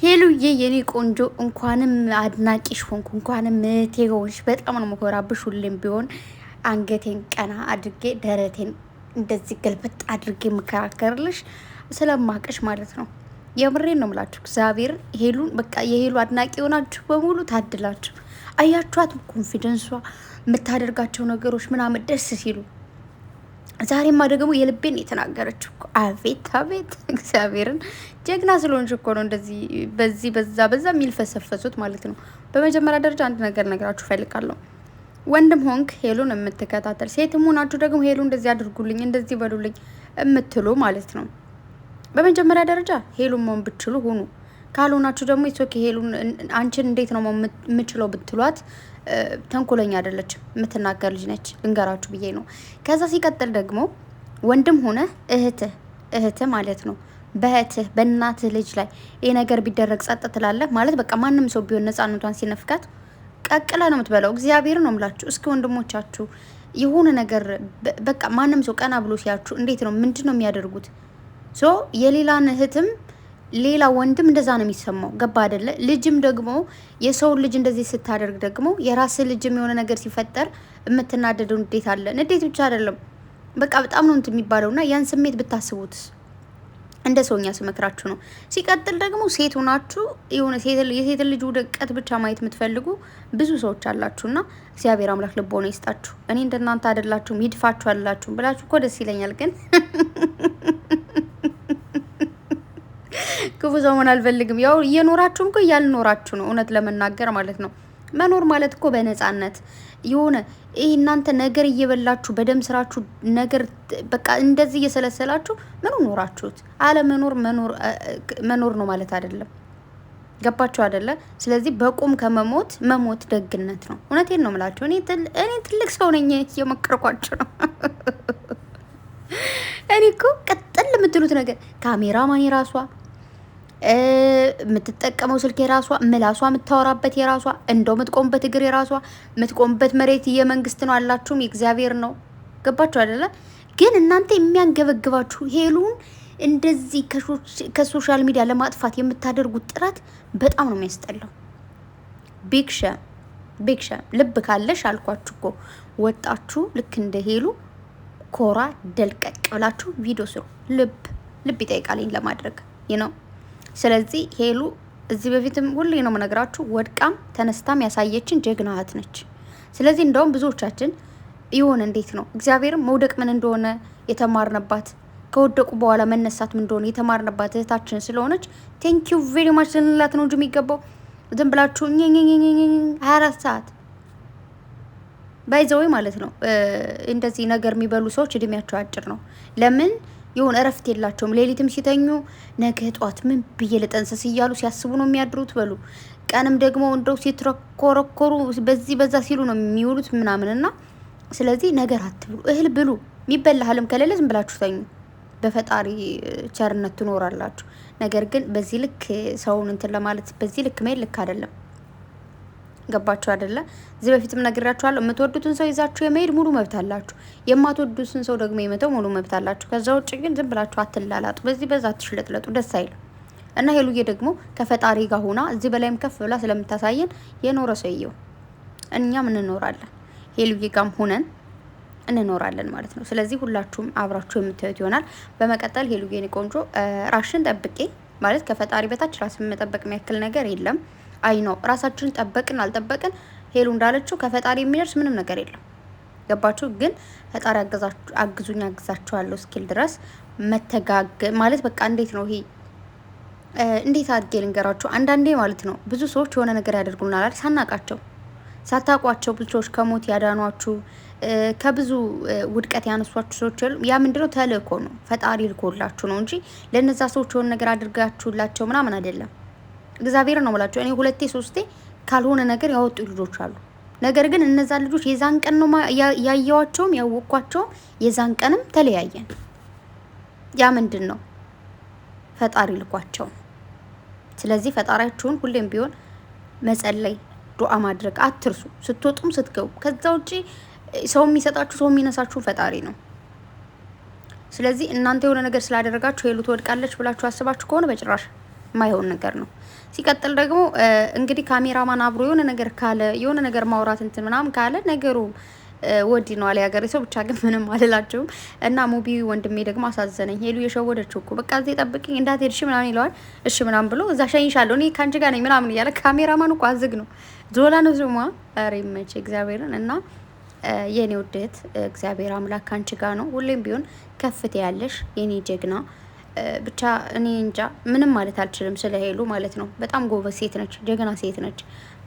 ሄሉዬ የኔ ቆንጆ እንኳንም አድናቂሽ ሆንኩ፣ እንኳንም ምቴ ሆንሽ። በጣም ነው መኮራብሽ። ሁሌም ቢሆን አንገቴን ቀና አድርጌ ደረቴን እንደዚህ ገልበጥ አድርጌ የምከራከርልሽ ስለማቀሽ ማለት ነው። የምሬን ነው ምላችሁ። እግዚአብሔር ሄሉን በቃ የሄሉ አድናቂ የሆናችሁ በሙሉ ታድላችሁ። አያችኋት ኮንፊደንሷ፣ የምታደርጋቸው ነገሮች ምናምን ደስ ሲሉ ዛሬማ ደግሞ የልቤን የተናገረችው እኮ አቤት አቤት እግዚአብሔርን ጀግና ስለሆንሽ እኮ ነው እንደዚህ በዚህ በዛ በዛ የሚልፈሰፈሱት ማለት ነው። በመጀመሪያ ደረጃ አንድ ነገር ነገራችሁ እፈልጋለሁ። ወንድም ሆንክ ሄሉን የምትከታተል ሴትም ሆናችሁ ደግሞ ሄሉ እንደዚህ አድርጉልኝ እንደዚህ በሉልኝ የምትሉ ማለት ነው። በመጀመሪያ ደረጃ ሄሉን መሆን ብትችሉ ሁኑ። ካልሆናችሁ ደግሞ ሶ ሄሉን አንቺን እንዴት ነው የምችለው ብትሏት ተንኮለኛ አይደለችም፣ የምትናገር ልጅ ነች። ልንገራችሁ ብዬ ነው። ከዛ ሲቀጥል ደግሞ ወንድም ሆነ እህትህ እህትህ ማለት ነው በእህትህ በእናትህ ልጅ ላይ ይህ ነገር ቢደረግ ጸጥ ትላለህ ማለት በቃ ማንም ሰው ቢሆን ነፃነቷን ሲነፍጋት ቀቅላ ነው የምትበላው። እግዚአብሔር ነው ምላችሁ። እስኪ ወንድሞቻችሁ የሆነ ነገር በቃ ማንም ሰው ቀና ብሎ ሲያችሁ እንዴት ነው ምንድን ነው የሚያደርጉት? ሶ የሌላን እህትም ሌላ ወንድም እንደዛ ነው የሚሰማው። ገባ አይደለ? ልጅም ደግሞ የሰውን ልጅ እንደዚህ ስታደርግ ደግሞ የራስ ልጅም የሆነ ነገር ሲፈጠር የምትናደደው ንዴት አለ። ንዴት ብቻ አይደለም፣ በቃ በጣም ነው እንትን የሚባለው እና ያን ስሜት ብታስቡት እንደ ሰውኛ ስመክራችሁ ነው። ሲቀጥል ደግሞ ሴት ሆናችሁ የሆነ የሴት ልጅ ውድቀት ብቻ ማየት የምትፈልጉ ብዙ ሰዎች አላችሁና እግዚአብሔር አምላክ ልቦና ይስጣችሁ። እኔ እንደናንተ አይደላችሁም ይድፋችሁ አላችሁም ብላችሁ እኮ ደስ ይለኛል ግን ክፉ ዘመን አልፈልግም። ያው እየኖራችሁም እኮ እያልኖራችሁ ነው፣ እውነት ለመናገር ማለት ነው። መኖር ማለት እኮ በነጻነት የሆነ ይህ እናንተ ነገር እየበላችሁ በደም ስራችሁ ነገር በቃ እንደዚህ እየሰለሰላችሁ ምኑ ኖራችሁት። አለመኖር መኖር ነው ማለት አይደለም። ገባችሁ አይደለ? ስለዚህ በቁም ከመሞት መሞት ደግነት ነው። እውነቴን ነው የምላችሁ። እኔ ትልቅ ሰው ነኝ፣ እየመከርኳችሁ ነው። እኔ እኮ ቀጥል የምትሉት ነገር ካሜራማን የራሷ የምትጠቀመው ስልክ የራሷ፣ ምላሷ የምታወራበት የራሷ፣ እንደው የምትቆምበት እግር የራሷ፣ የምትቆምበት መሬት የመንግስት ነው አላችሁም የእግዚአብሔር ነው። ገባችሁ አይደለ? ግን እናንተ የሚያንገበግባችሁ ሄሉን እንደዚህ ከሶሻል ሚዲያ ለማጥፋት የምታደርጉት ጥረት በጣም ነው የሚያስጠላው። ቢክሸ ቢክሸ ልብ ካለሽ አልኳችሁ እኮ ወጣችሁ ልክ እንደ ሄሉ ኮራ ደልቀቅ ብላችሁ ቪዲዮ ስሩ። ልብ ልብ ይጠይቃልኝ ለማድረግ ይነው ስለዚህ ሄሉ እዚህ በፊትም ሁሌ ነው የምነግራችሁ፣ ወድቃም ተነስታም ያሳየችን ጀግና እህት ነች። ስለዚህ እንደውም ብዙዎቻችን ይሆን እንዴት ነው እግዚአብሔርም መውደቅ ምን እንደሆነ የተማርነባት ከወደቁ በኋላ መነሳት ምን እንደሆነ የተማርነባት እህታችን ስለሆነች ቴንክ ዩ ቬሪ ማች ልንላት ነው እንጂ የሚገባው ዝም ብላችሁ ሀያ አራት ሰዓት ባይዘወይ ማለት ነው። እንደዚህ ነገር የሚበሉ ሰዎች እድሜያቸው አጭር ነው። ለምን የሆነ እረፍት የላቸውም። ሌሊትም ሲተኙ ነገ ጠዋት ምን ብዬ ልጠንሰስ እያሉ ሲያስቡ ነው የሚያድሩት። በሉ ቀንም ደግሞ እንደው ሲትረኮረኮሩ በዚህ በዛ ሲሉ ነው የሚውሉት ምናምን እና ስለዚህ ነገር አትብሉ፣ እህል ብሉ። የሚበላ ከሌለ ዝም ብላችሁ ተኙ። በፈጣሪ ቸርነት ትኖራላችሁ። ነገር ግን በዚህ ልክ ሰውን እንትን ለማለት በዚህ ልክ መሄድ ልክ አይደለም። ገባችሁ አይደለ? እዚህ በፊትም ነግራችኋለሁ። የምትወዱትን ሰው ይዛችሁ የመሄድ ሙሉ መብት አላችሁ። የማትወዱትን ሰው ደግሞ የመተው ሙሉ መብት አላችሁ። ከዛ ውጭ ግን ዝም ብላችሁ አትላላጡ። በዚህ በዛ አትሽለጥለጡ፣ ደስ አይልም። እና ሄሉዬ ደግሞ ከፈጣሪ ጋር ሆና እዚህ በላይም ከፍ ብላ ስለምታሳየን የኖረ ሰውየው እኛም እንኖራለን፣ ሄሉዬ ጋም ሆነን እንኖራለን ማለት ነው። ስለዚህ ሁላችሁም አብራችሁ የምታዩት ይሆናል። በመቀጠል ሄሉዬን ቆንጆ ራሽን ጠብቄ ማለት ከፈጣሪ በታች ራስን መጠበቅ የሚያክል ነገር የለም። አይ ነው ራሳችንን ጠበቅን አልጠበቅን ሄሉ እንዳለችው ከፈጣሪ የሚደርስ ምንም ነገር የለም። ገባችሁ? ግን ፈጣሪ አግዙኝ አግዛችኋለሁ እስኪል ድረስ መተጋገ ማለት በቃ እንዴት ነው ይሄ እንዴት አድጌ ልንገራችሁ? አንዳንዴ ማለት ነው ብዙ ሰዎች የሆነ ነገር ያደርጉናል ሳናቃቸው፣ ሳታውቋቸው ብዙ ሰዎች ከሞት ያዳኗችሁ፣ ከብዙ ውድቀት ያነሷችሁ ሰዎች ያ ምንድነው ተልእኮ ነው፣ ፈጣሪ ልኮላችሁ ነው እንጂ ለእነዛ ሰዎች የሆነ ነገር አድርጋችሁላቸው ምናምን አይደለም። እግዚአብሔር ነው የምላቸው እኔ ሁለቴ ሶስቴ ካልሆነ ነገር ያወጡ ልጆች አሉ። ነገር ግን እነዛ ልጆች የዛን ቀን ነው ያየዋቸውም ያወቅኳቸውም፣ የዛን ቀንም ተለያየን። ያ ምንድን ነው ፈጣሪ ልኳቸው። ስለዚህ ፈጣሪያችሁን ሁሌም ቢሆን መጸለይ፣ ዱዓ ማድረግ አትርሱ፣ ስትወጡም ስትገቡ። ከዛ ውጪ ሰው የሚሰጣችሁ ሰው የሚነሳችሁ ፈጣሪ ነው። ስለዚህ እናንተ የሆነ ነገር ስላደረጋችሁ ሄሉ ትወድቃለች ብላችሁ አስባችሁ ከሆነ በጭራሽ ማይሆን ነገር ነው። ሲቀጥል ደግሞ እንግዲህ ካሜራማን አብሮ የሆነ ነገር ካለ የሆነ ነገር ማውራት እንትን ምናምን ካለ ነገሩ ወዲ ነው አለ ያገሬ ሰው። ብቻ ግን ምንም አልላቸውም። እና ሙቢ ወንድሜ ደግሞ አሳዘነኝ። ሄሉ የሸወደችው እኮ በቃ እዚህ ጠብቅኝ እንዳትሄድሽ ምናምን ይለዋል። እሺ ምናምን ብሎ እዛ ሸኝሻለሁ እኔ ከአንቺ ጋር ነኝ ምናምን እያለ ካሜራማን እኮ አዝግ ነው ዞላ ነው ዝማ ሬመች እግዚአብሔርን እና የኔ ውድት እግዚአብሔር አምላክ ከአንቺ ጋር ነው። ሁሌም ቢሆን ከፍት ያለሽ የኔ ጀግና ብቻ እኔ እንጃ ምንም ማለት አልችልም ስለ ሄሉ ማለት ነው። በጣም ጎበዝ ሴት ነች፣ ጀግና ሴት ነች።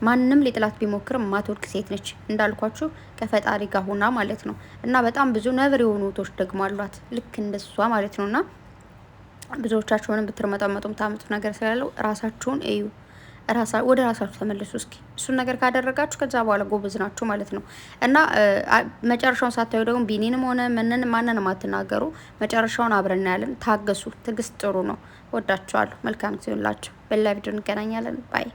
ማንም ሊጥላት ቢሞክር ማትወድቅ ሴት ነች እንዳልኳችሁ ከፈጣሪ ጋር ሁና ማለት ነው። እና በጣም ብዙ ነብር የሆኑ ውቶች ደግሞ አሏት ልክ እንደሷ ማለት ነው። እና ብዙዎቻችሁንም ብትርመጠመጡም ታምጡ ነገር ስላለው ራሳችሁን እዩ። ወደ ራሳችሁ ተመልሱ እስኪ። እሱን ነገር ካደረጋችሁ ከዛ በኋላ ጎበዝ ናችሁ ማለት ነው። እና መጨረሻውን ሳታዩ ደግሞ ቢኒንም ሆነ ምንን ማንንም አትናገሩ። መጨረሻውን አብረን እናያለን። ታገሱ። ትግስት ጥሩ ነው። ወዳችኋለሁ። መልካም ጊዜ ይሁንላችሁ። በሌላ ቪዲዮ እንገናኛለን። ባይ